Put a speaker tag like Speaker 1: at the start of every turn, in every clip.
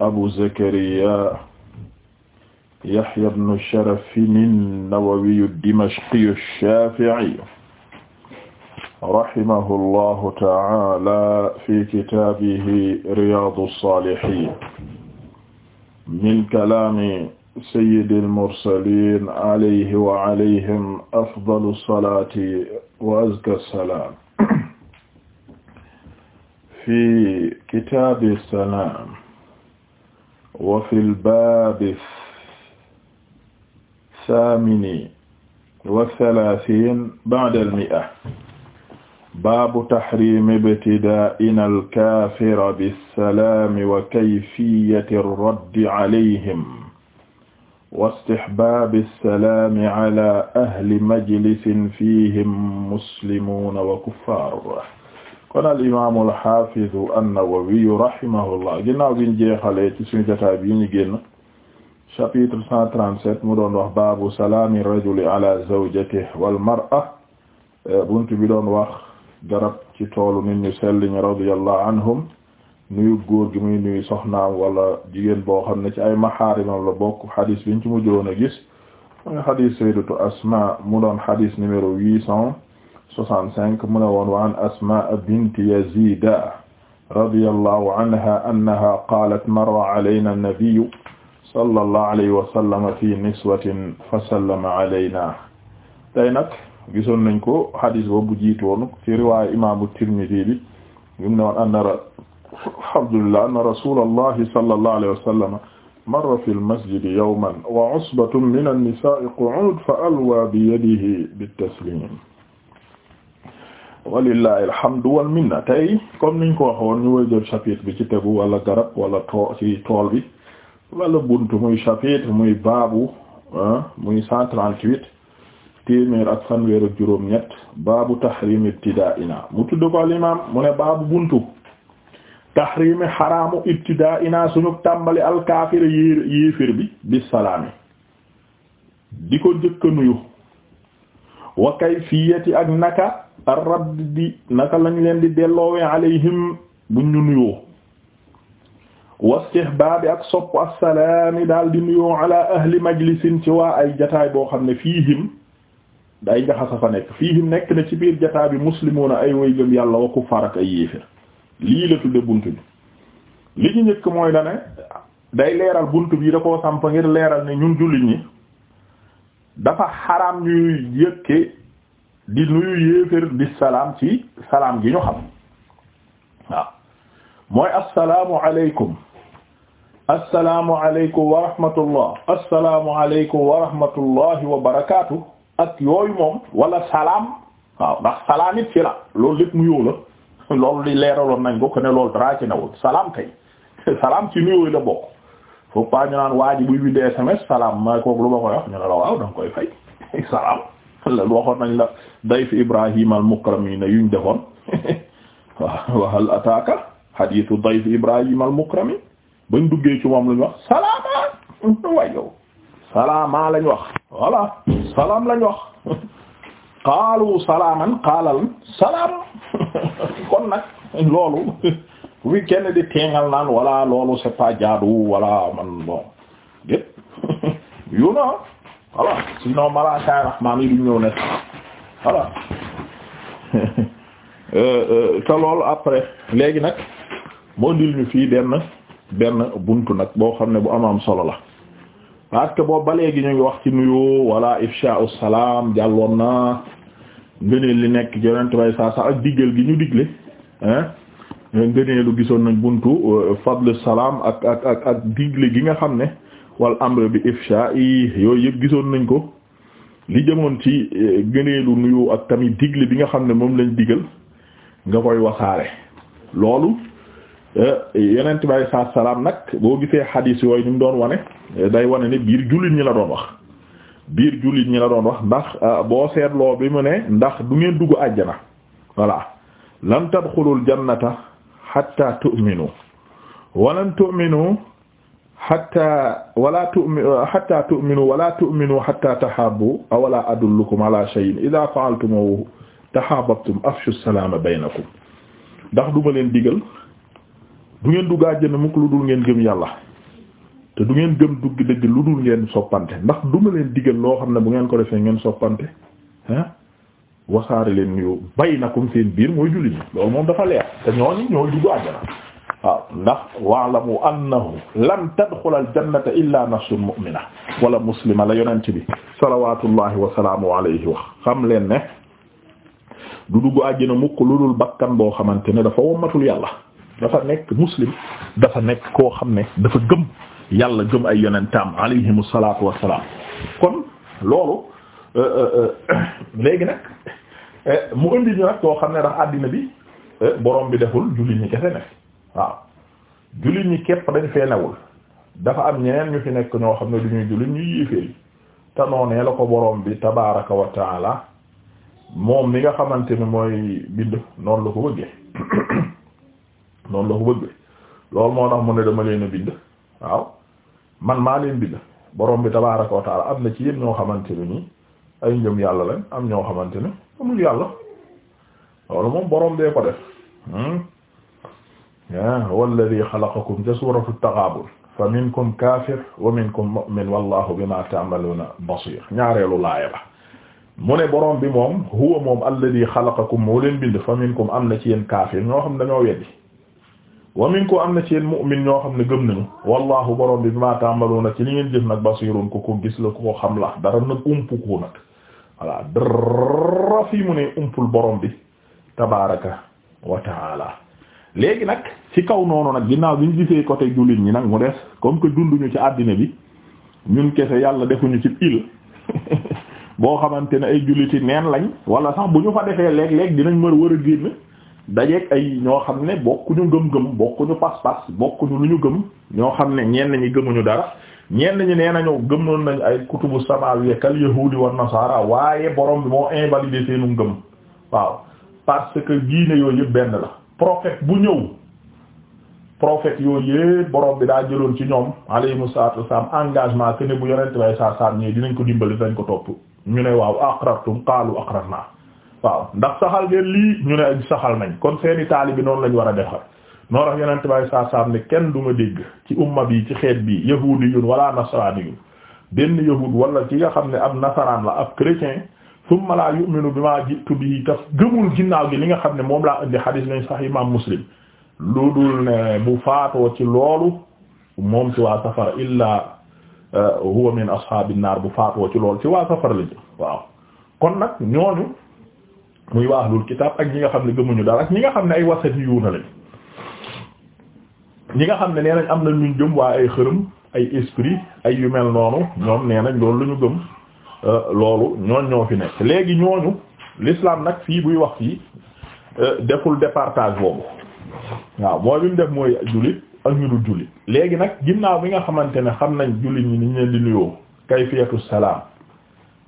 Speaker 1: abu zakariya yahya ibnu sharafin an-nawawi ad-dimashqi ash-shafi'i rahimahu llahu ta'ala fi kitaabihi riyaadu saalihiin min kalaami sayyidil mursaliin alayhi wa alayhim afdalu salaati wa azka salaam fi kitaabi salaam wa fil baabi saamini wa salaasiin ba'dal mi'a baabu taxriimi ibtidaa'ina al-kaafira bis-salaami wa kayfiyyati ar-raddi calayhim wa istixbaabi as-salaami calaa ahli majlisin fiihim muslimuuna wa kuffaar kon al imaamu al xaafidu an-Nawawi rahimahullah ginnaaw biñ jeexalee ci suñu jotaay bi ñu génn chapitre 137 mu doon wax baabu salaami rajuli ala zawjatihi wal mar'a buntu bi doon wax garab ci toolu nit ñu sell ñi radiyallahu anhum nuyu góor gi muy nuyu soxna wala jigéen boo xam ne ci ay maxaarimam la bokk xadis biñ ci mujjoon gis mooy xadis sayyidatu Asma mu doon xadis numéro 800. 65 mu ne woon wa an Asmaa bint Yaziid radiyallahu anha annaha qaalat marra alaynaa nabiyyu sallallahu alayhi wa sallam fi niswatin fa sallama alaynaa tey nag gisoon nañ ko hadis boobu jiitu woon ci riwaayu imaamu Tirmidi bi mu ne woon anna alhamdulillah anna rasuulallahi sallallahu alayhi wa sallam marra fil masjidi yawman wa usbatun mina nisaa'i qu'uudun fa alwaa biyadihi bit tasliim walillahi alhamdu wal minna tey comme niñ ko waxoon ñu woy jël chapitre bi ci tegu wala garab wala tool ci tool bi wala buntu muy chapitre muy baabu muy cent trente-huit téeméer ak fanweer ak juróom-ñett baabu tahrim ibtidaa'ina mu tudd ko al imaam mu baabu buntu tahrimi xaraamu ibtidaa'ina suñu tàmbali alkaafir yéer yéefir bi bisalaami di ko jëkka nuyu wa kayfiyati ak naka ar-raddi naka lañ leen di delloowee alayhim buñ ñu nuyoo wastihbaabi ak sopp assalaami daal di nuyoo ala ahli majlisin ci waa ay jataay boo xam ne fiihim day njaxasa fa nekk fiihim nekk na ci biir jataay bi muslimuuna ay way gëm yàlla wa kuffaar ak ay yéefér lii la tudde bunt bi li ñu njëkk mooy da ne day leeral bunt bi da koo samp ngir leeral ne ñun jullit ñi dafa xaraam ñuy yëkke di nuyu yéefér bi salaam ci salaam gi ñu xam waaw mooy assalaamu aleykum assalaamu aleykum wa rahmatullah assalaamu aleykum wa rahmatullahi wa barakaatu ak yooyu moom wala salaam waaw ndax salaam it ci la loolu lépp nuyoo la loolu di leeraloon nañ ko ko ne loolu dara ci newul salaam kay salaam ci nuyoo la bokk faut pas ñu naan waa ji buy SMS salaam maa koog lu ma koy wax ñu ne waaw danga koy fay salaam waxoon nañ la dayf Ibrahim al-Mukramin yuñ defoon wa hal ataaka hadithu dayf Ibrahim al-Mukramin bañ duggee ci moom lañ wax salaama waay yow salaama wax voilà salaam lañ wax qaalu salaaman qaala lan salaam kon nag loolu bu fi di teengal naan voilà loolu c'est jaadu voilà man bon yëpp yu na voilà sinon malaakaay raxmaan yi du ñëw ne voilà euh, euh, te loolu après léegi nag moo dil ñu fii benn benn buntu nag boo xam ne bu am solo la parce que boobu ba léegi ñu ngi wax ci nuyu wala ifsha'u salaam jàlloon na ngëneel li nekk yonent bay saa saa ak diggal gi ñu digle hein ngëneelu gisoon nañ buntu euh, fadlu salaam ak ak ak ak digle gi nga xam ne wal amr bi ifsha'i yooyu yëpp gisoon nañ ko li jëmoon ci e, gëneelu nuyu ak tamit digle bi nga xam ne moom lañ digal nga koy wasaare loolu e, yenent bi alei salaatu salaam nag boo gisee xadiis yooyu ni mu doon wane e, day wane ne biir jullit ñi la doon wax biir jullit ñi la doon wax ndax boo seetloo bi mu ne ndax du ngeen dugg àjjana voilà lan tadxulul jannata hatta tu'minu walan tu'minu hatta wala tu hatta tu'minu wala tu'minu hatta tahabbu aw la adullukum ala shay'in idha fa'altumuhu tahabbtum afshu salama baynakum ndax duma leen digal du ngeen dugg àjjana mukk lu dul ngeen gëm yàlla te du ngeen gëm dugg dëgg lu dul ngeen soppante ndax duma leen digal loo xam ne bu ngeen ko defee ngeen soppante ah wasaare leen nuyu baynakum seen biir mooy julli ñi loolu moom dafa leer te ñooñu ñooy dugg àjjana waaw ndax wa'lamu annahu lan tadxula aljannata illa nafsun mu'mina wala muslima la yonent bi salawatullahi wa salaamu alayhi wax xam leen ne du dugg àjjana mukk lu dul bakkan boo xamante ne dafa wommatul yàlla dafa nekk muslim dafa nekk koo xam ne dafa gëm yàlla gëm ay yonentam alayhimu salaatu wa salaam kon loolu euh, euh, euh, léegi nag mu indi ñu nag koo xam ne ndax àddina bi borom bi deful julli ñi kese ne waaw jullit ñi képp dañ fee newul dafa am ñeneen ñu fi nekk ñoo xam ne du ñuy jullit ñuy yéeféeri te noonee la ko boroom bi tabaraka wa taala moom mi nga xamante ne mooy bind noonu la ko bëggee noonu la ko bëggee loolu moo tax mu ne dama leen a bind waaw man maa leen bind borom bi tabaraka wa am na ci yéen ñoo xamante ne nii ay njëm yàlla lañ am ñoo xamante ne amul yàlla loolu moom borom bee ko def hmm? ah huwa alladhi xalaqakum ca suuratu taghaabun fa minkum kaafir wa minkum mu'min wallahu bima ta'maluna basir ñaareelu laaya ba mu ne borom bi moom huwa moom alladhi xalaqakum moo leen bind fa minkum am na ci yéen kaafir ñoo xam ne dañoo weddi wa minkum am na ci yéen mu'min ñoo xam ne gëm nañu wallahu borom bi bima ta'maluna ci li ngeen jëf nag basirun ku ko gis la ku ko xam la dara nag umpu ko nag voilà dara fii mu ne umpul borom bi tabaaraka wa ta'ala léegi nag ci kaw noonu nag ginnaaw bi ñu gisee côté jullit ñi nag mu des comme que dunduñu ci àddina bi ñun kese yàlla defuñu ci il boo xamante ne ay julliti neen lañ wala sax bu ñu fa defee léeg-léeg dinañ mën war a génn dajeeg ay ñoo xam ne bokkuñu gëm-gëm bokkuñu pas-pas bokkuñu lu ñu gëm ñoo xam ne ñenn ñi gëmuñu dara ñenn ñi nee gëm gëmoon nañ ay kutubu samawiyya kal yahudi wan nasara waaye borom bi moo invalidé seenu ngëm waaw parce que diine yooyu yëpp benn la. prophète bu ñëw prophète yooyu yëpp borom bi daa jëloon ci ñoom alayhimu salaatu wassalaam engagement que ne bu yonent bay saa ñii dinañ ko dimbali dañ ko topp ñu ne waaw aqrartum qaalu aqrarnaa waaw ndax saxal ngeen lii ñu ne ak saxal nañ kon seeni bi noonu lañ war a defar noo tax yonent bay saa saam kenn duma ma dégg ci umma yi ci xeet bi yahuudiyun wala nasraaniyun benn yahuud wala ci nga xam ne ab nasaraan la ab chrétien. thumma la yu'minu bima ji'tu bihi daf gëmul ginnaaw gi li nga xam ne moom laa indi xadiis lañ sax imaam muslim lu dul ne bu faatoo ci loolu moom ci waa safara illaa euh, huwa min ashaabin naar bu faatoo ci loolu ci waa safara la waaw kon nag ñooñu muy waa ahlul kitaab ak ñi nga xam ne gëmuñu daal ak ñi nga xam ne ay wasatiyuuna lañ ñi nga xam ne nee nañ am na luñ jëm waa ay xërëm ay esprit ay yu mel noonu ñoom nee nañ loolu lu ñu gëm. Euh, loolu ñooñ ñoo fi nekk léegi ñooñu lislaam nag fii buy wax fii euh, deful départage boobu waaw mooy bi mu def mooy jullit ak ñu dul jullit léegi nag ginnaaw bi nga xamante ne xam nañ jullit ñi niñ leen di nuyoo kayfiyatu salaam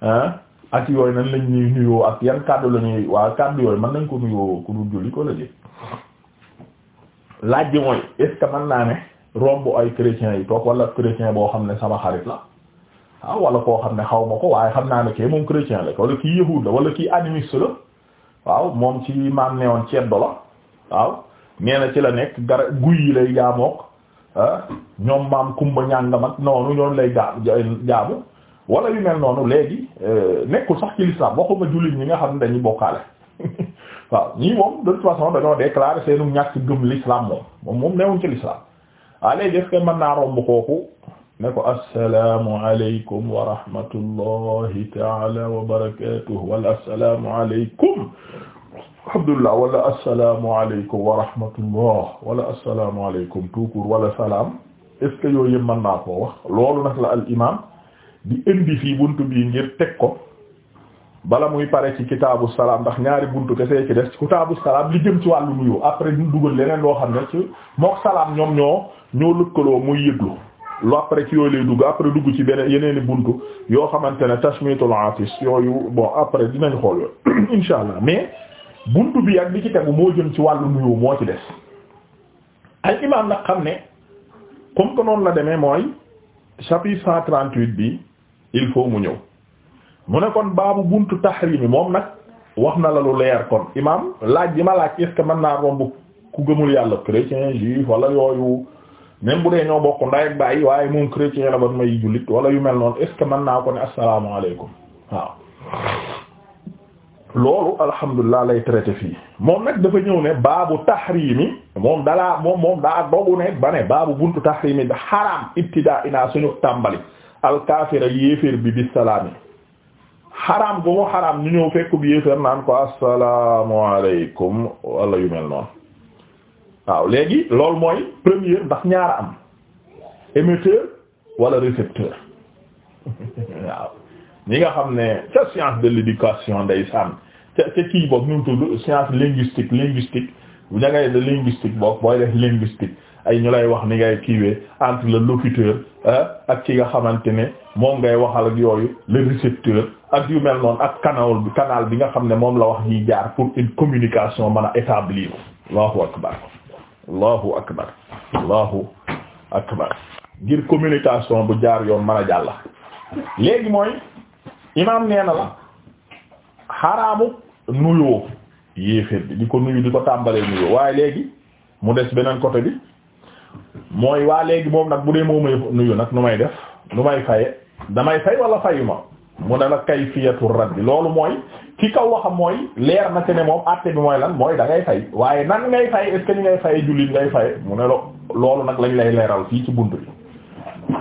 Speaker 1: ah ak yooyu nan lañ ñuy nuyoo ak yan kàddu la ñuy waa kàddu yooyu mën nañ ko nuyoo ku dul jullit ko la laaj bi mooy est ce naa ne romb ay chrétiens yi toog wala chrétien boo xam ne sama xarit la ah wala koo xam ne xaw ma ko waaye xam naa ne kay moom chrétien la wala kii yahuud la wala kii animiste la waaw moom ci maam ne woon ceddo la waaw nee na ci la nekk gara guy yi lay jaamook ah, ñoom maam kumba ñàngam ak noonu ñoom lay jaamu wala yu mel noonu léegi euh, nekkul sax ci l'islam waxuma jullit ñi nga xam ne dañuy bokkaale waaw ñii moom de toute façon dañoo déclarer seenu ñàkk gëm l'islam moom moom moom newuñ ci l'islam waaw ah, léegi est-ce que naa romb kooku ne ko assalaamu aleykum wa rahmatullahi taala wa barakatuh wala assalaamu aleykum alhamdulillah wala assalaamu aleykum wa rahmatullah wala assalaamu aleykum tout court wala salaam est-ce que yooyu yëpp mën naa koo wax loolu nag la al imam indi fii buntu bii ngir teg ko bala muy pare ci kitaabu salaam ndax ñaari buntu kese ci des kitaabu salaam li jëm ci wàllu nuyoo après ñu dugal leneen loo xam ne ci mook salaam ñoom ñoo ñoo lëkkaloo muy yëglu lu après ci yooyu lay dugg après dugg ci beneen yeneeni buntu yoo xamante ne tashmitul atis yooyu bon après dinañ xool yooyu insha allah mais buntu bi ak bi ci tegu moo jëm ci wàllu nuyoo moo ci des ay imaam nag xam ne comme que noonu la demee mooy chapitre cent trente-huit bi il faut mu ñëw mu ne kon baabu buntu tahrimi moom nag wax na la lu leer kon imaam laaj bi ma laaj est-ce que mën naa romb ku gëmul yàlla chrétien juif wala yooyu même bu dee ñoo bokk nday waaye moom chrétien la may jullit wala yu mel noonu est-ce que mën naa ko ne asalaamaaleykum waaw loolu alhamdulilah lay traité fii moom nag dafa ñëw ne baabu tahrimi moom dalaa moom moom daa dogu ne ba ne baabu buntu tahrimi da xaraam ibtidaa inaa suñu tàmbali alkaafira yéeféer bi bi salaami xaraam bu mu xaraam ñu bi yéeféer naan ko asalaamaaleykum wala yu mel noonu waaw léegi loolu mooy première ndax ñaara am émetteur wala récepteur waaw ñi nga xam ne ca science de l'éducation day sànn ca ca kii boog ñu tudd science linguistique linguistique bu ña ngay de linguistique boog booy def linguistique ay ñu lay wax ni ngay kiiwee entre le locuteur ak ki nga xamante ne moom ngay waxal ak yooyu le récepteur ak yu mel noonu ak canal bi canal bi nga xam ne moom la wax ñiy jaar pour une communication man a établir Allahu allahu akbar allahu akbar ngir communication bu jaar yoon mën a jàll léegi mooy imaam nee la xaraamu nuyoo yéeféer bi di ko nuyu di ko tàmbalee nuyoo waaye léegi mu des beneen côté bi mooy waa léegi moom nag bu dee moo nuyu nag nu may def nu may faye damay fay wala fayuma mu ne la kayfiyatu radd loolu mooy ci kaw waxam mooy leer na ci ne moom àtte bi mooy lan mooy da ngay fay waaye nan ngay fay est ce que ni ngay fay jullit ngay fay mu ne loolu nag lañ lay leeral fii ci bunt bi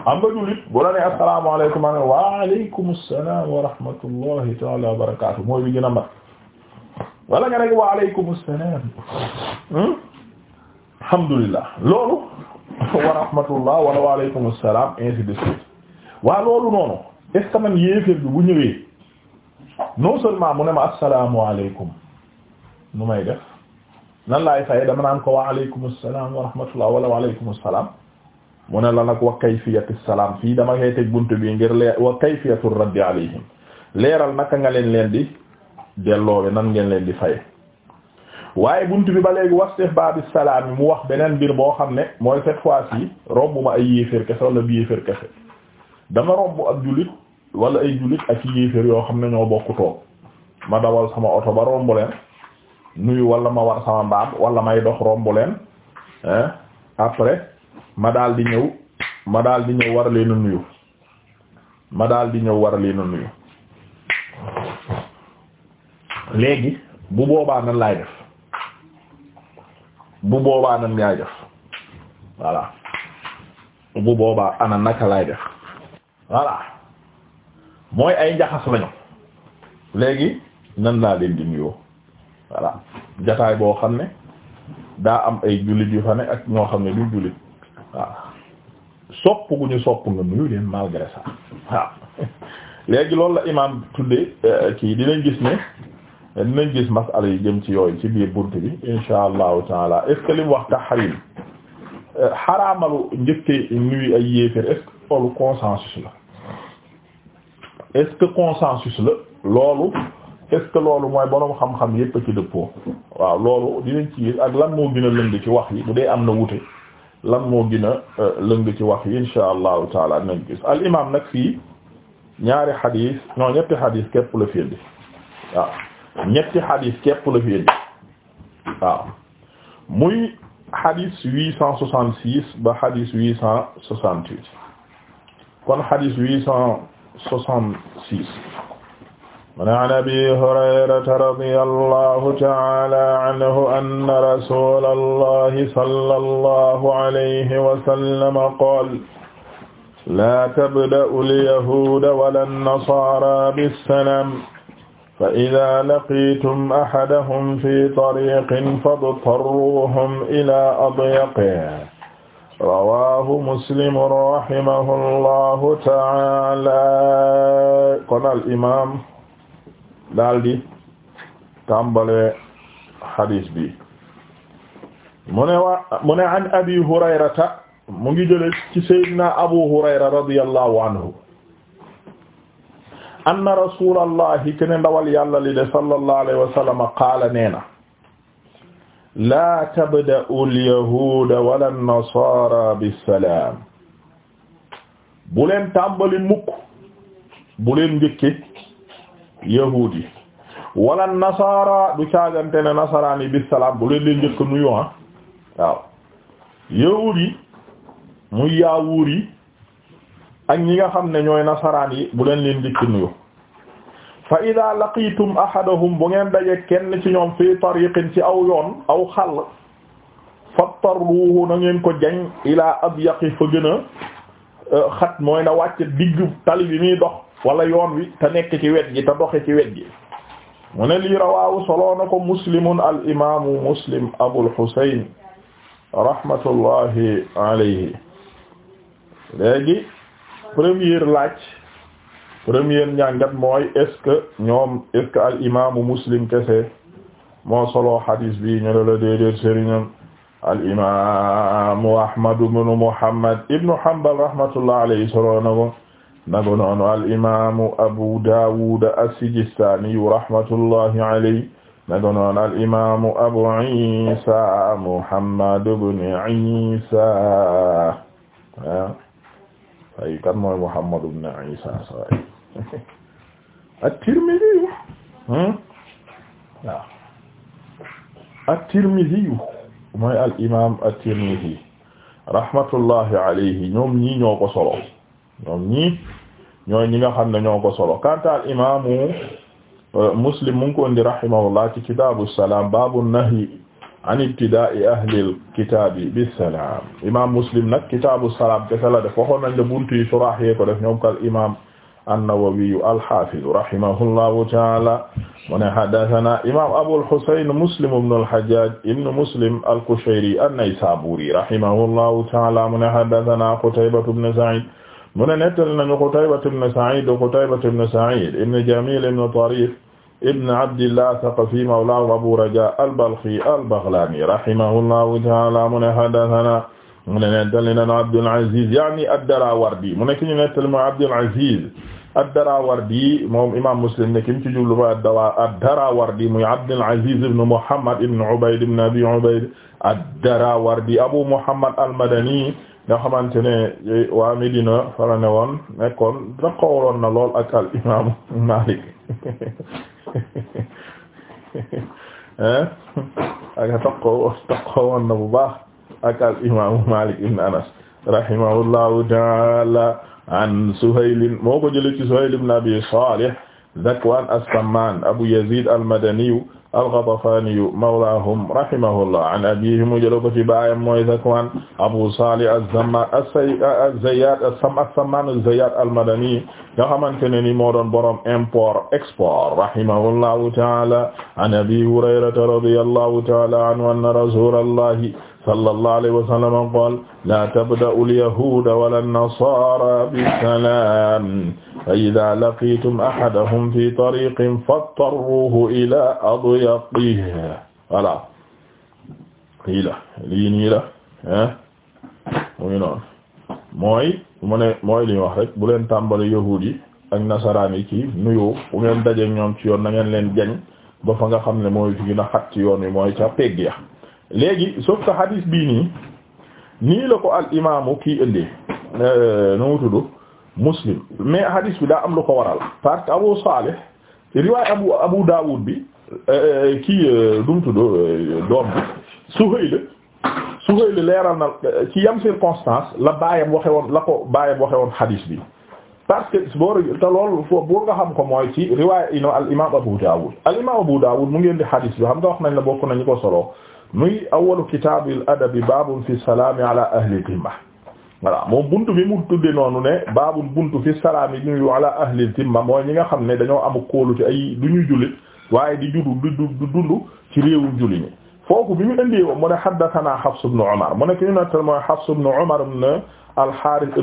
Speaker 1: am nga jullit bu la ne asalaamaaleykum a waaleykum salaam wa rahmatullahi taala wa barakaatu mooy bi gën a mat wala nga rek waaleykum salaam hmm? alhamdulillah loolu wa rahmatullah wala waaleykum salaam ainsi waa loolu noonu est-ce que man yéeféer bi bu ñëwee non seulement mu ne ma asalaamualeykum nu may def nan laay faye dama naan ko wa aleykum salaam wa rahmatullah wala wa aleykum salaam mu ne la nag wa kayfiyatu salaam fii dama koy teg buntu bi ngir leer wa kayfiyatu raddi alayhim leeral naka nga leen leen di delloowe nan ngeen leen di faye waaye bunt bi ba léegi wastef babi salaam yi mu wax beneen mbir boo xam ne mooy cette fois-ci romb ma ay yéeféer kese wala wala ay jullit ak i yéeféer yoo xam ne ñoo bokk toog ma dawal sama oto ba romb leen nuyu wala ma war sama mbaam wala may dox romb leen après ma daal di ñëw ma daal di ñëw war a nuyu ma daal di ñëw war leen a nuyu léegi bu boobaa nan lay def bu boobaa nan laay def voilà bu boobaa ana naka laay def voilà mooy ay njaxas lañu léegi nan laa leen di nuyoo voilà jataay boo xam ne daa am ay jullit yu fa ne ak ñoo xam ne du jullit waaw sopp gu ñu sopp nga nuyu leen malgré ça waaw léegi loolu la imaam tudde euh, kii dinañ gis ne dinañ gis masala yi jëm ci yooyu ci biir bunt bi insha allahu taala est ce que li wax tahrim euh, xaraamalu njëkkee nuyu ay yéeféer est ce que la est-ce que consensus la loolu est-ce que loolu mooy boroom xam-xam yépp ci dëppoo waaw loolu dinañ ci gis ak lan moo gën a lëng ci wax yi bu dee am na wute lan moo gina a euh, lëng ci wax yi insha allahu taala dinañ gis al imam nag fii ñaari xadiis non ñetti xadiis képp la fi indi waaw ñetti xadiis képp la fi indi waaw muy xadiis huit cent soixante six ba xadiis kon xadiis soixante-six mu ne an abi hurayrata radiyallahu ta'ala anhu anna rasulallahi sallallahu alayhi wa sallam qaala laa tabda'u al-yahuuda wala an-nasaara bis-salaam فإذا لقيتم أحدهم في طريق فاضطروهم إلى أضيقه rawahu muslimu rahimahu llahu taala kon al imam daldi tàmbale hadis bi mu ne wa mu ne an abi hurayrata mu ngi jële ci sayyidina abu hurayra radiyallahu anhu anna rasulallahi kene ndawal yàlla li de sallallahu alayhi wa sallam qaala neena laa tabda'u al wala an-nasaara bu leen tàmbali mukk bu leen njëkke yahuud wala nasaara du caagante ne nasaraan yi bis-salaam bu leen leen njëkk nuyu ah waaw yahuud yi muy yaawuur yi ak ñi nga xam ne ñooy nasaraan yi bu leen leen njëkk nuyu fa ida laqitum ahadahum bu ngeen daje kenn ci ñoom fii tariqin ci aw yoon aw xàll fattaruhu na ngeen ko jañ ilaa abyaqi fa gën e, xat mooy na wàcc digg tali bi muy dox wala yoon wi te nekk ci wet gi te doxe ci wet gi mu ne lii rawaawu soloo na ko muslimun al imaamu muslim abul husayn rahmatullahi alayhi léegi première laaj premier njàngat mooy est-ce que ñoom est-ce muslim kese moo solo hadis bi ñu la déedéet sëriñam al imaamu muhammad ibnu hanbal rahmatullah alayhi solo na ko na ko noonu al imaamu abu daawud as-sijistaani rahmatullahi alayhi na ko noonu al imaamu abu isa muhammad ibnu isa ay kan mooy Muhammad ibn Isa saway at-Tirmidhi yu hmm? waaw rahmatullahi alayhi ñoom ñii ñoo ko solo ñoom ñii ñooy ñi nga xam ne ñoo kanta al uh, Muslim mu ngi ko indi rahimahullah ci kitabu salam an ibtidaai ahlil kitaabi bisalaam imaam muslim nag kitaabu salaam kese la def waxoon nañ la buntu yi suraax yee ko def ñoom kal imaam an-Nawawi al-Haafiz rahimahullahu ta'aala mu ne haddasanaa imaam Abul Husayn Muslim ibn al-Hajjaaj ibn Muslim al-Qushayri an-Naysaabuuri rahimahullahu ta'aala mu ne haddasanaa Qutayba ibn Sa'iid mu ne nettali nañu Qutayba ibn Sa'iid Qutayba ibn Sa'iid ibn Jamiil ibn Tariif ibn abdillah saqafi mawlaahu abu rajaa al-balkhi al-baghlaani rahimahullahu ta'aala mu ne haddasanaa mu ne nettali na Abdul Aziz yaani ad-Daraawardi mu ne ki ñu nettali ma Abdul Aziz ad-Daraawardi moom imaam Muslim ne ki mu ci jublu ba ad-Daraawardi muy Abdul Aziz ibn Muhammad ibn Ubayd ibn Abi Ubayd ad-Daraawardi Abu Muhammad al-Madani nga xamante ne waa Medina fara ne woon nekkoon raqooloon na lool ak al imaam Maalik aka eh? taqoo taqoo woon na bu baax ak al imaamu Malik ibn Anas rahimahullahu taala an Suhayl moo ko jële ci Suhayl ibn Abi Salih Zakwan as-Samman Abu Yazid al-Madani al-Ghatafaniyu mawlaahum rahimahullah an abiihi mu jëloon ko ci baayam mooy Zakwan Abu Salih az-Zammaan az-Zayyaat as-Sammaan az-Zayyaat al-Madani nga xamante ne ni moo doon borom import export rahimahullahu ta'ala an Abi Hurayrata radiyallahu ta'ala anhu anna Rasulallahi sallallahu alayhi wa sallam qaal laa tabda'u al-yahuuda wala an-nasaara bis-salaam fa idaa laqiitum ahadahum fii tariiqin fattaruuhu ilaa adyaqihi voilà lii la lii nii la ah muy noonu mooy mu ne mooy li ñu wax rek bu leen tàmbali yahuud yi ak nasaraan yi ci nuyoo bu ngeen dajeek ñoom ci yoon na ngeen leen jañ ba fa nga xam ne mooy fi gën a xat ci yoon wi mooy ca pegg ya léegi sauf que hadis bii nii nii la ko al imaamu kii indi euh, nu mu tudd muslim mais hadis bi daa am lu ko waral parce que Abu Salih riwaay Abu Abu Dawud bi euh, kii du euh, mu tudd doom bi Suhayl Suhayl leeral na ci yam circonstance la baayam waxe woon la ko baayam waxe woon bi parce que boo te loolu foofu boo nga xam ko mooy ci riwaay ino al imaam Abu Dawud al imaam Abu Dawud mu ngeen di hadis bi xam nga wax nañ la bokk nañu ko solo muy awalu kitaabil adabi baabun fi salaami ala ahli timma voilà moom buntu bi mu tudde noonu ne baabul buntu fi salaam yi ñuy ala ahli timma mooy ñi nga xam ne dañoo am kóolu ci ay du ñuy jullit waaye di judu du du dund ci réewum julli ñi foofu bi mu indee woon mu ne haddathana Hafs ibn Umar mu ne ki ñu nettal mooy Hafs ibn Umar ibn al-Harith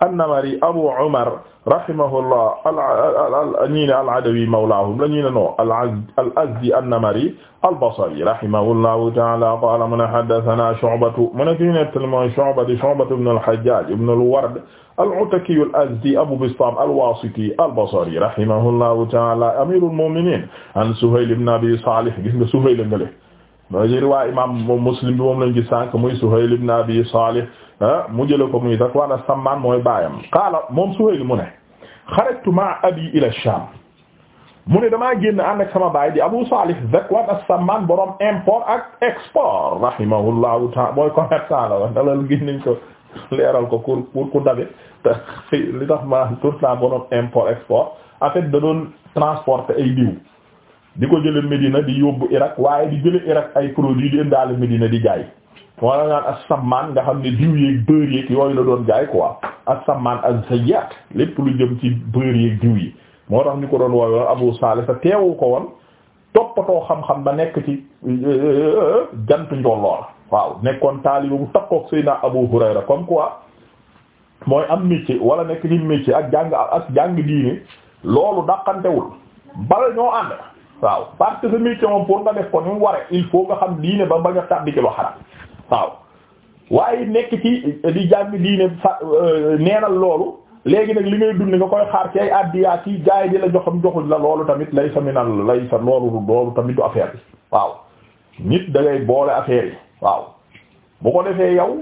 Speaker 1: an-Namari Abu Umar rahimahullah al ñii ne al-Adawi mawlaahum la ñii ne non al-Azdi an-Namari al-Basri rahimahullahu ta'ala qaala mu ne haddathanaa Shu'batu mu ne kii nettali mooy Shu'ba di Shu'batu ibn al-Hajjaj ibn al-Ward al-Ataki al-Azdi Abu Bistam al-Wasiti al-Basri rahimahullahu ta'ala amirul mu'minin an Suhayl ibn Abi Salih gis nga Suhayl ngale mooy ci riwaa imam Muslim bi moom lañ gis sànq muy Suhayl ibn mu jële ko muy Zakwan as mooy baayam qaala moom Suhayl mu ne xarajtu ma'a abi ila Sham mu ne damaa génn ànd sama baay di Abu Salih Zakwan as-Samman borom import ak export rahimahullahu ta'ala mooy commerçant la wala loolu gis nañ ko leeral ko pour pour ku li tax ma tout le temps borom ay di ko jële Medina di yóbbu Irak waaye di jële Irak ay produits di indaale Medina di jaay wala naan ak sammaan nga xam ne diw yeeg beurre yeeg yooyu la doon jaay quoi ak samaan ak zayyat lépp lu jëm ci beurre yeeg diw yi moo tax ñu ko doon woowe Abu Salih sa teewu ko woon toppatoo xam-xam ba nekk ci euh, euh, euh, jant njolloor waaw nekkoon taaliba bu takkook Seydina Abu Hurayra comme quoi mooy am métier wala nekk ci métier ak jàng ak jàng diine loolu dàqantewul waaw parce que sa métier moom nga def ko ni mu waree il faut nga xam diine ba bañ a tàbbi ci lu xaram waaw waaye nekk ci di jàng diine fa euh, neenal loolu léegi nag li ngay dund nga koy xaar ci ay addiya ci gaay di la joxam joxuñ la loolu tamit lay sa minal lay sa loolu loolu tamit du affaire bi waaw nit da boole affaire yi waaw bu ko defee yow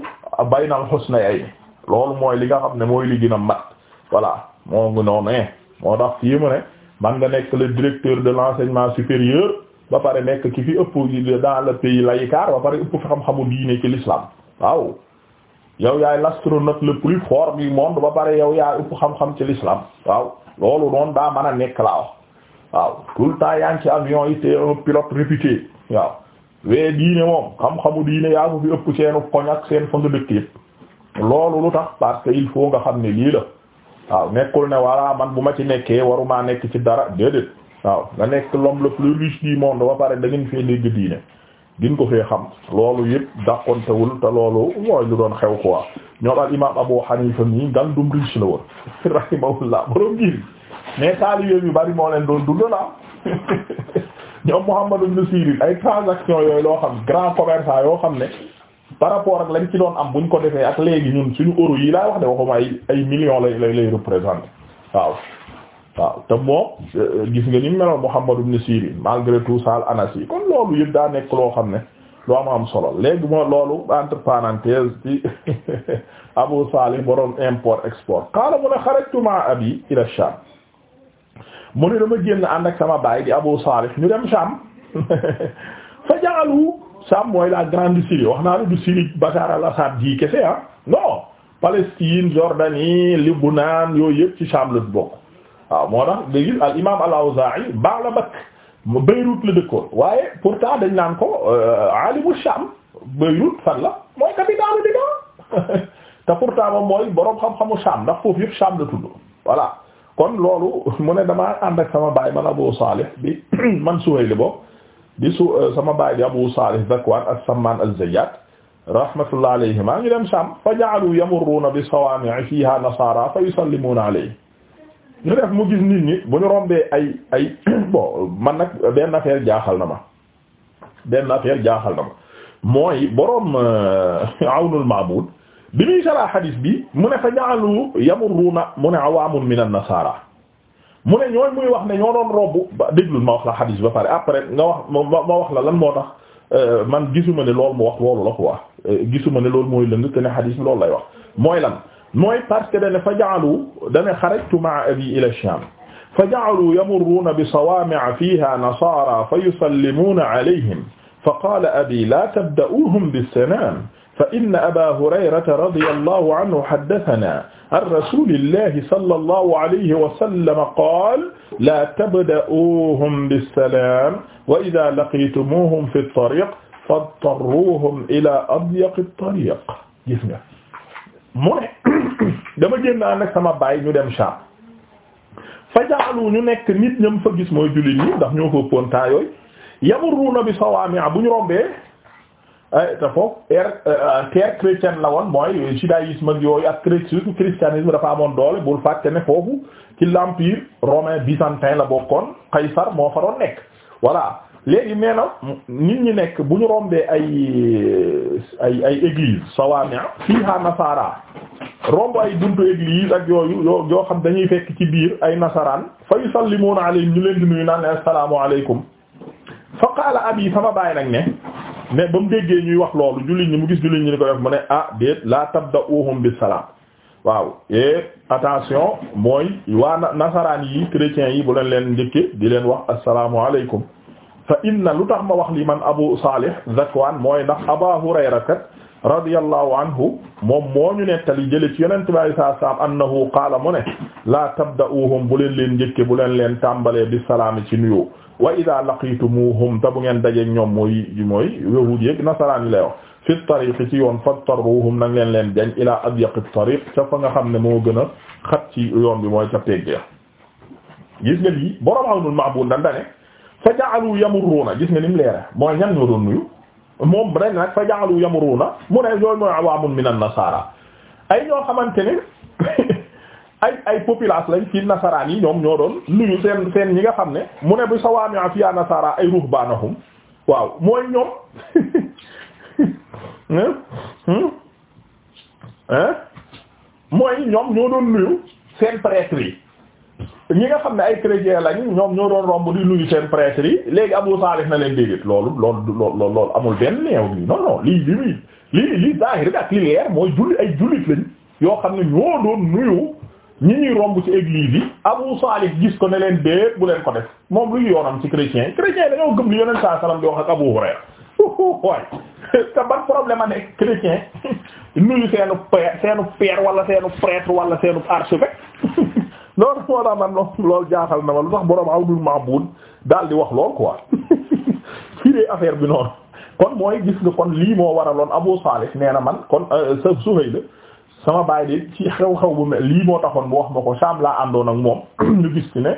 Speaker 1: baynal xusna yay loolu mooy li nga xam ne mooy li gën a mat voilà moo ngi noonu eh moo tax fii mu man nga nekk le directeur de l'enseignement supérieur ba pare nekk ki fi ëpp dans le pays laïcard ba pare ëpp fi xam-xamu diine ci l'islam waaw yow yaay l'astronaute le plus fort du monde ba pare yow yaa ëpp xam-xam ci l'islam waaw loolu noonu daa man a nekk laa wax waaw tout le temps yaa ngi ci avion yi c'est un réputé waaw wee diine moom xam-xamu diine yaa ko fi ëpp seenu koñ ak seen fa nga dëkk yëpp loolu lu tax parce que il faut nga xam ne lii la waaw nekkul ne voilà man bu ma ci nekkee waruma nekk ci dara déedéet waaw nga nekk l'homme le plus riche du monde ba pare danga ngeen fee dégg diine gin ko fee xam loolu yëpp dàqontewul te loolu mooy lu doon xew quoi ñoo al imam Abu Hanifa mi ngan dum riche la woon rahimahullah borom jiir mais taalibe yu bari moo leen doon dund la ñoom Muhammad ibn Sirin ay transaction yooyu loo xam grand commerçant yoo xam ne par rapport ak lañ ci doon am ñu ko defee ak léegi ñun suñu euro yi laa wax de waxuma ay ay millions lay lay lay représenter waaw waaw te moom euh, gis nga ni meloon Muhammad ibn Sirin malgré tout ça anas yi kon loolu yëpp daa nekk loo xam ne lu am solo léegi moo loolu entre parenthèses ci Abu Salih borom import export qaala mu ne xarajtu ma'a abi ila Sham mu ne dama génn ànd ak sama baay di Abu Salih ñu dem Sham fa ja'alu Saam mooy la grande Syrie wax naa la du Syrie Bachar al-Assad ji kese ah non Palestine Jordanie Liban yooyu yëpp ci Saam la bokk waaw moo tax da gis al imam al-Awzaa'i Baalbek Beyrouth la dëkkoon waaye pourtant dañ naan ko euh, alimu Saam Beyrouth fan la mooy capitale bi daa te pourtant moom mooy boroom xam-xamu Saam ndax foofu yëpp Saam la tudd voilà kon loolu mu ne damaa ànd ak sama baay man Abu Salih bi man Suhayl bokk di su eh, sama baay di Abu Salih Zakwan as-Samman az-Zayyat rahmatullah alayhima ñu dem Sham fa ja'alu yamurruna bi sawaami'i fiha nasara fa yusallimuna alayhi ñu def mu gis nit ñi bu ñu rombee ay ay bon man nag benn affaire jaaxal na ma benn affaire jaaxal na ma mooy boroom eh, Awnul Ma'bud bi muy sara hadis bi mu ne fa ja'alu yamurruna mu ne awaamun min an-nasara mu ne ñooñ muy wax ne ñoo doon robbu ba déglul ma wax la xadiis ba pare après nga wax ma wax la lan moo tax euh, man gisuma ne loolu mu wax loolu la quoi euh, gisuma ne loolu mooy lëng te ne xadiis bi loolu lay wax mooy lan mooy parce que dane fa ja'alu dane xarajtu ma'a abi ila sham fa ja'alu yamurruuna bi sawaami'a fiiha nasaara fa yusallimuuna alayhim fa qaala abi laa tabda'uuhum bis-salaam fa inna abaa hurayrata radiyallahu anhu haddasanaa an rasuulillahi sallallahu alayhi wa sallam qaala laa tabda'uuhum bissalaam wa idaa laqiitumuuhum fi ttariiq fadtarruuhum ilaa adyaqi ttariiq. gis nga mu ne dama génn nag sama baay ñu dem Sham fa jaalu ñu nekk nit ñam fa gis mooy jullit ñi ndax ñoo ko pontaa yooyu yamurruuna bi sawaami' bu ñu rombee. Eh, te foofu ère er, eh, eh, terre la woon mooy judaïsme ak yooyu ak surtout christianisme dafa amoon doole bul fàtte ne foofu ci l'empire romain byzantin la bokkoon Qaysar moo fa doon nekk voilà léegi nee na nit ñi nekk bu ñu rombee ay ay ay église sawami fiha nasara romb ay buntu église ak yooyu yoo yoo xam dañuy fekk ci biir ay nasaraan fa yusallimuuna alayhim ñu leen di ñu naan ne assalaamu alaykum fa qaala yi sama bàyyi nag ne ne ba mu déggee ñuy wax loolu jullit ñi mu gis jullit ñi di ko def mu ne ah déet la tabda'uhum bis waaw et attention mooy waa nasaraan yi chrétiens yi bu leen leen njëkke di leen wax assalaamu alaykum fa inna lu tax ma wax li man abu salih zakwan mooy ndax aba hurayra kat radiyallahu anhu moom moo ñu nettali jële ci yonent bi alayhi salaam annahu qaala mu ne la tabda'uhum bu leen leen njëkke bu leen leen tàmbalee bisalaami ci nuyoo wa ida laqitumuhum te bu ngeen dajeeg ñoom mooy mooy yahuud yeeg nasaraan yi lay wax fi tariqi ci yoon fattaruhum nag leen leen jañ ila adyaq tariq ca fa nga xam ne moo gën a xat ci bi mooy ca teggee gis nga lii borom awnul ma'bud dan dane fa ja'alu yamurruuna gis nga ni mu leere mooy ñan ñoo ne yooyu mooy awaamun min an-nasaara ay ñoo xamante ne ay ay populace lañ ci nasaraan yi ñoom ñoo doon nuyu seen seen ñi nga xam ne mu ne bu sawaami'a fiya nasara ay ruhbanahum waaw mooy ñoom mooy ñoom ñoo doon nuyu seen prêtre yi ñi nga xam ne ay chrétien lañ ñoom ñoo doon romb di nuyu seen prêtre yi léegi Abu Salih na leen déedéet loolu loolu loolu loolu amul benn néew nii non non lii lii lii lii zaahir bi ak li leer mooy julli ay jullit lañ yoo xam ne ñoo doon nuyu ñu ñuy romb ci église yi Abu Salih gis ko ne leen dee bu leen ko def moom lu yoonam ci chrétien chrétien dañoo gëm li yoneen saa di wax ak Abu Hurayra waay te problème a nekk chrétien nuyu seenu père seenu père wala seenu prêtre wala seenu archevêque loolu moo tax man loolu jaaxal na ma lu tax boroom Awdul Ma'bud daal di wax lool quoi fii de affaire bi noonu kon mooy gis nga kon lii moo waraloon Abu Salih nee na man kon sa euh, Suhayl la sama baay bi ci xew-xew bu mel lii moo taxoon bu wax ma ko Saam laa àndoon ak moom ñu gis ci ne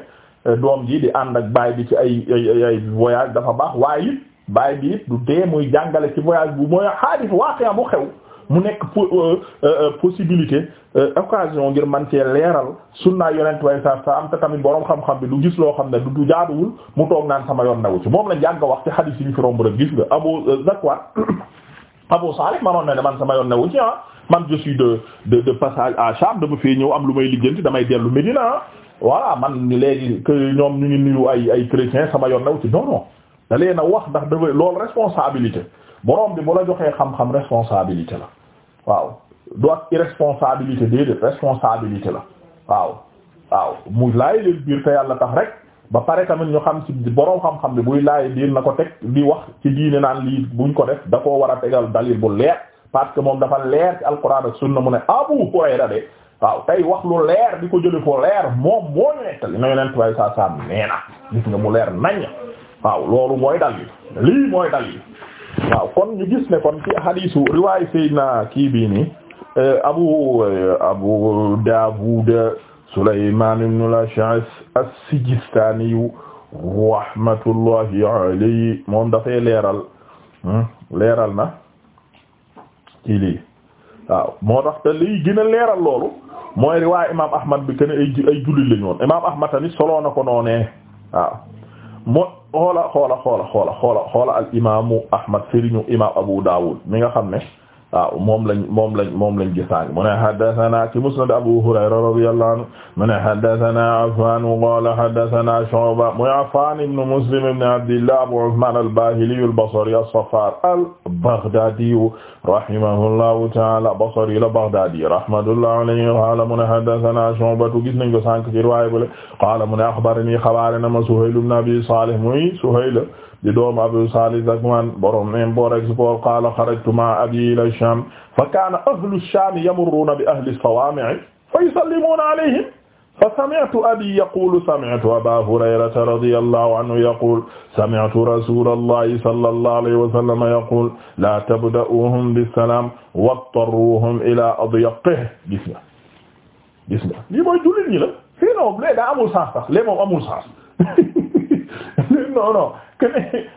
Speaker 1: euh, doom ji di ànd ak baay bi ci ay ay voyage dafa baax waaye it baay bi it du dee muy jàngale ci voyage bu mooy xaalis waaqiya bu xew mu nekk euh, euh, possibilité occasion ngir man cee leeral sunnaa yonent way sa sa am te tamit boroom xam-xam bi du gis loo xam ne du du jaaduwul mu toog naan sama yoon nawu ci moom la jàng wax ci xadiis yi ñu fi romb rek gis Abu Salih manoon na ne man sama yoon newu ci ah man je suis de de de passage à Cham dama fee ñëw am lu may lijjanti damay dellu Médina ah voilà man léegi kë ñoom ñu ngi nuyu ay ay chrétiens sama yoon newu ci non non da leen wax ndax dafa loolu responsabilité borom bi bu la joxee xam-xam responsabilité la waaw du ak irresponsabilité déedéet responsabilité la waaw waaw mu laay leen biir te yàlla tax rek. ba pare tamit ñu xam ci boroom xam-xam bi buy laay diir na ko teg di wax ci diine naan lii buñ ko def da koo war a tegal dalil bu leer parce que moom dafa leer ci alquran ak sunna mu ne Abu Hurayra de waaw tey wax lu leer di ko jële foo leer moom moo ñu nettali na yonent way saa saa nee mu leer nañ waaw loolu mooy dalil lii mooy dalil waaw kon ñu gis ne kon ci hadisu riwaay Seydina kii bii nii eh, Abu eh, Abu Daawuda Sulaymaan ibn al-Ash'ath as-Sijistaaniyu rahmatullahi alayhi moom dafay leeral hmm, leeral na ci lii waaw moo tax te lii gën a leeral loolu mooy riwaay imaam Ahmad bi ken ay ay jullit la ñu woon imaam Ahmad tamit solo na ko noonee waaw moo xoola xoola xoola xoola xoola xoola al imaamu Ahmad sëriñu imaam Abu Daawud mi nga xam ne. waaw moom lañ moom lañ moom lañ gisaan mu ne haddathana ci musnad Abu Hurayra radiyallahu anhu mu ne haddathana Affan qala haddathana Shu'ba muy Affan ibn Muslim ibn Abdillah Abu Uthman al-Bahili al-Basri as-Saffar al-Baghdadi rahimahullahu ta'ala Basri la Baghdadi rahmatullahi alayhi qala mu ne haddathana Shu'ba gis nañ ko sànq ci riwaaya bale qala mu ne akhbarani xabarana ma Suhayl ibn Abi Salih muy Suhayl di doomu Abu Salih Zakwan borom import export qala kharajtu ma'a abi ila Sham fa kana ahlu Sham yamurruna bi ahli sawami' fa yusallimuna alayhim fa sami'tu abi yaqulu sami'tu aba hurayrata radiyallahu anhu yaqul sami'tu rasulallahi sallallahu alayhi wa sallam yaqul la tabda'uhum bis-salam wattaruhum ila adyaqihi gis nga gis nga lii mooy jullit ñi la fii noonu lee daa amul saas sax lee moom amul saas non non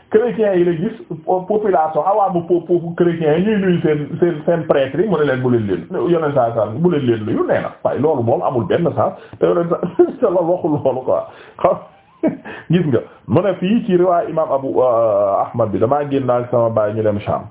Speaker 1: chrétiens yi la gis population awaamu popu chrétiens yi ñuy nuyu seen seen seen prêtre yi mu ne leen bu leen leen saa saa bu leen leen nuyu nee na waaye loolu boom amul benn saa te yoneen saa la waxul loolu quoi xam gis nga mu ne fii ci riwaay imaam Abu euh, Ahmad bi damaa génn ak sama baay ñu dem Sham